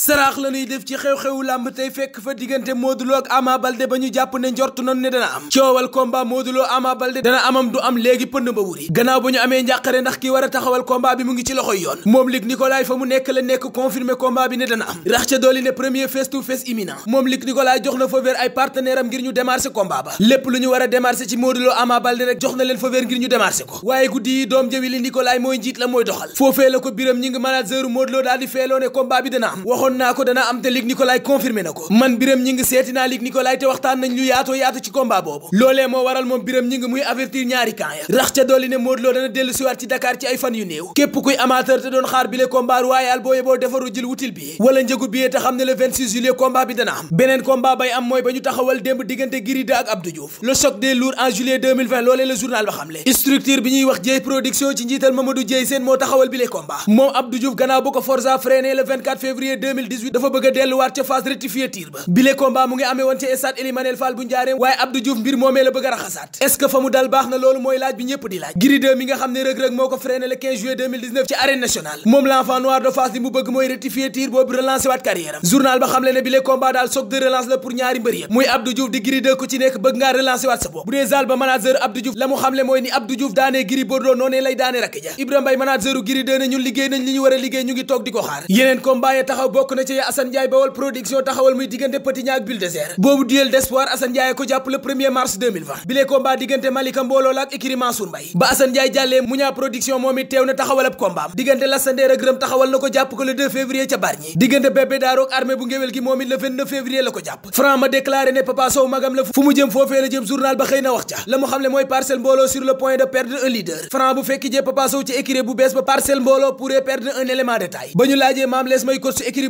saraax la ñuy def ci xew-xewu làmb tey fekk fa diggante Modou Lo ba ñu jàpp ne njortu na ne dana am coowal combat Modou Lo Ama Baldé dana amam du am léegi pënd ba gannaaw ba ñu amee njàqare ndax ki war a taxawal combat bi mu ngi ci loxoy yoon moom Luc Nicolaï fa mu nekk la nekk confirmé combat bi ne dana am rax ca dooli ne premier face to face imminent moom Luc Nicolaï jox na feu vert ay partenaire ngir ñu démarrer combat ba lépp lu ñu war a démarrer ci na leen feu vert ngir ñu démarrer ko waaye guddi yi doom jëwi li Nicolaï mooy njiit la mooy doxal foofee Lo daal di feeloo ne combat waxoon naa ko dana am te Luc Nicolaï te waxtaan nañ lu yaatoo yaatu ci combat boobu loolee moo waral moom Birame Gningue muy avertir ñaari camp ya rax ca dolli ne Modou dana dellu siwaat ci Dakar ci ay fan yu néew képp kuy amateur te doon xaar bile combat royal boo yeboo defaru jël wutil bi wala njëgu billet te xam ne le 26 combat bi dana am beneen combat bay am mooy ba ñu taxawal démb diggante Gris ak Abdou Diouf le choc des lourds en juillet 2020 loolee 2018 dafa bëgg delluwaat ca phase rectificative ba bile combat mu ngi amee ca stade Ely Fall bu njaareem waaye Abdou Diouf mbir moomee la bëgg raxasaat est fa mu dal baax na loolu mooy laaj bi ñëpp di laaj Gris mi nga xam ne rëg-rëg moo ko freiné le 15 juillet 2019 ci moom l'enfant noir de Fass li mu bëgg mooy rectificative boobu relancé waat journal ba xam ne bile combat daal choc de relance la pour ñaari mbër yëpp muy Abdou Diouf bokk diggante Petit Niang ak Bulldozer ko jàpp le 1 mars bile combat diggante Malika Mbooloo la ak Ikiri ba Assane jàllee mu ñaa production moom it teew na taxawal ab combat diggante Lassandeer ak Rëm taxawal na ko jàpp ko le février ca Bargny diggante Bébé Daaro ak bu ngéwél gi moom it le 29 février la ko jàpp Franc ma déclaré ne Papa magam la fu mu jëm foofee la jëm journal ba xëy na wax ca la mu xam le mooy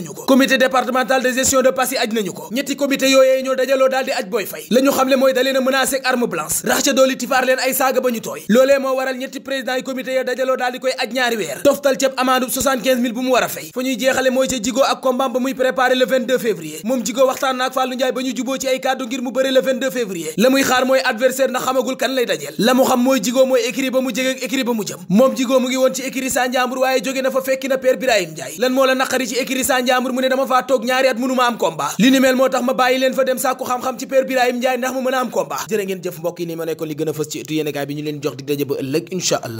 nañu ko de gestion de pass aj nañu ko ñetti comité yooyee ñoo dajaloo daal aj booy fay la xam le mooy dalee na arme blanche rax ca dooli tifaar leen ay saaga ba ñu tooy loolee moo waral ñetti président yi comité ya dajaloo daal koy aj ñaari weer toftal ceeb amaandu bu mu war a fay fu ñuy jeexale mooy ca jigoo ak combat ba muy préparé le 22 juboo ci ay kàddu ngir mu bëre la muy xaar mooy adversaire na xamagul kan lay dajeel Ndiambour mu ne dama faa toog ñaari at mënuma am combat li ni moo tax ma bàyyi leen fa dem sàkku xam-xam ci Père Birahim Ndiaye ndax mu mën a am combat jërë ngeen jëf mbokk yi ma nekkoon li gën a fës ci ëttu yéenekaay bi ñu leen jox di daje ba ëllëg incha allah